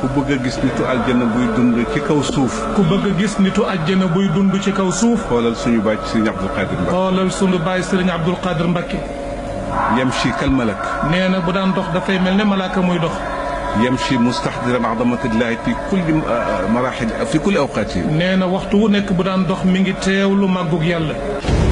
ku bëgg a gis nitu aljana buy dund ci kaw suuf ku bëgg a gis nitu aljana buy dund ci kaw suuf xoolal suñu baay sëriñ Abdul Qadir Mbakke xoolal suñu baay sëriñ Abdul Qadir Mbakke yamshi kal malak nee na bu daan dox dafay mel ne malaaka muy dox يمشي مستحضرا عظمة الله في كل مراحل في كل أوقاته. nee na waxtu wu nekk bu daan dox mi ngi teewlu màggug yàlla.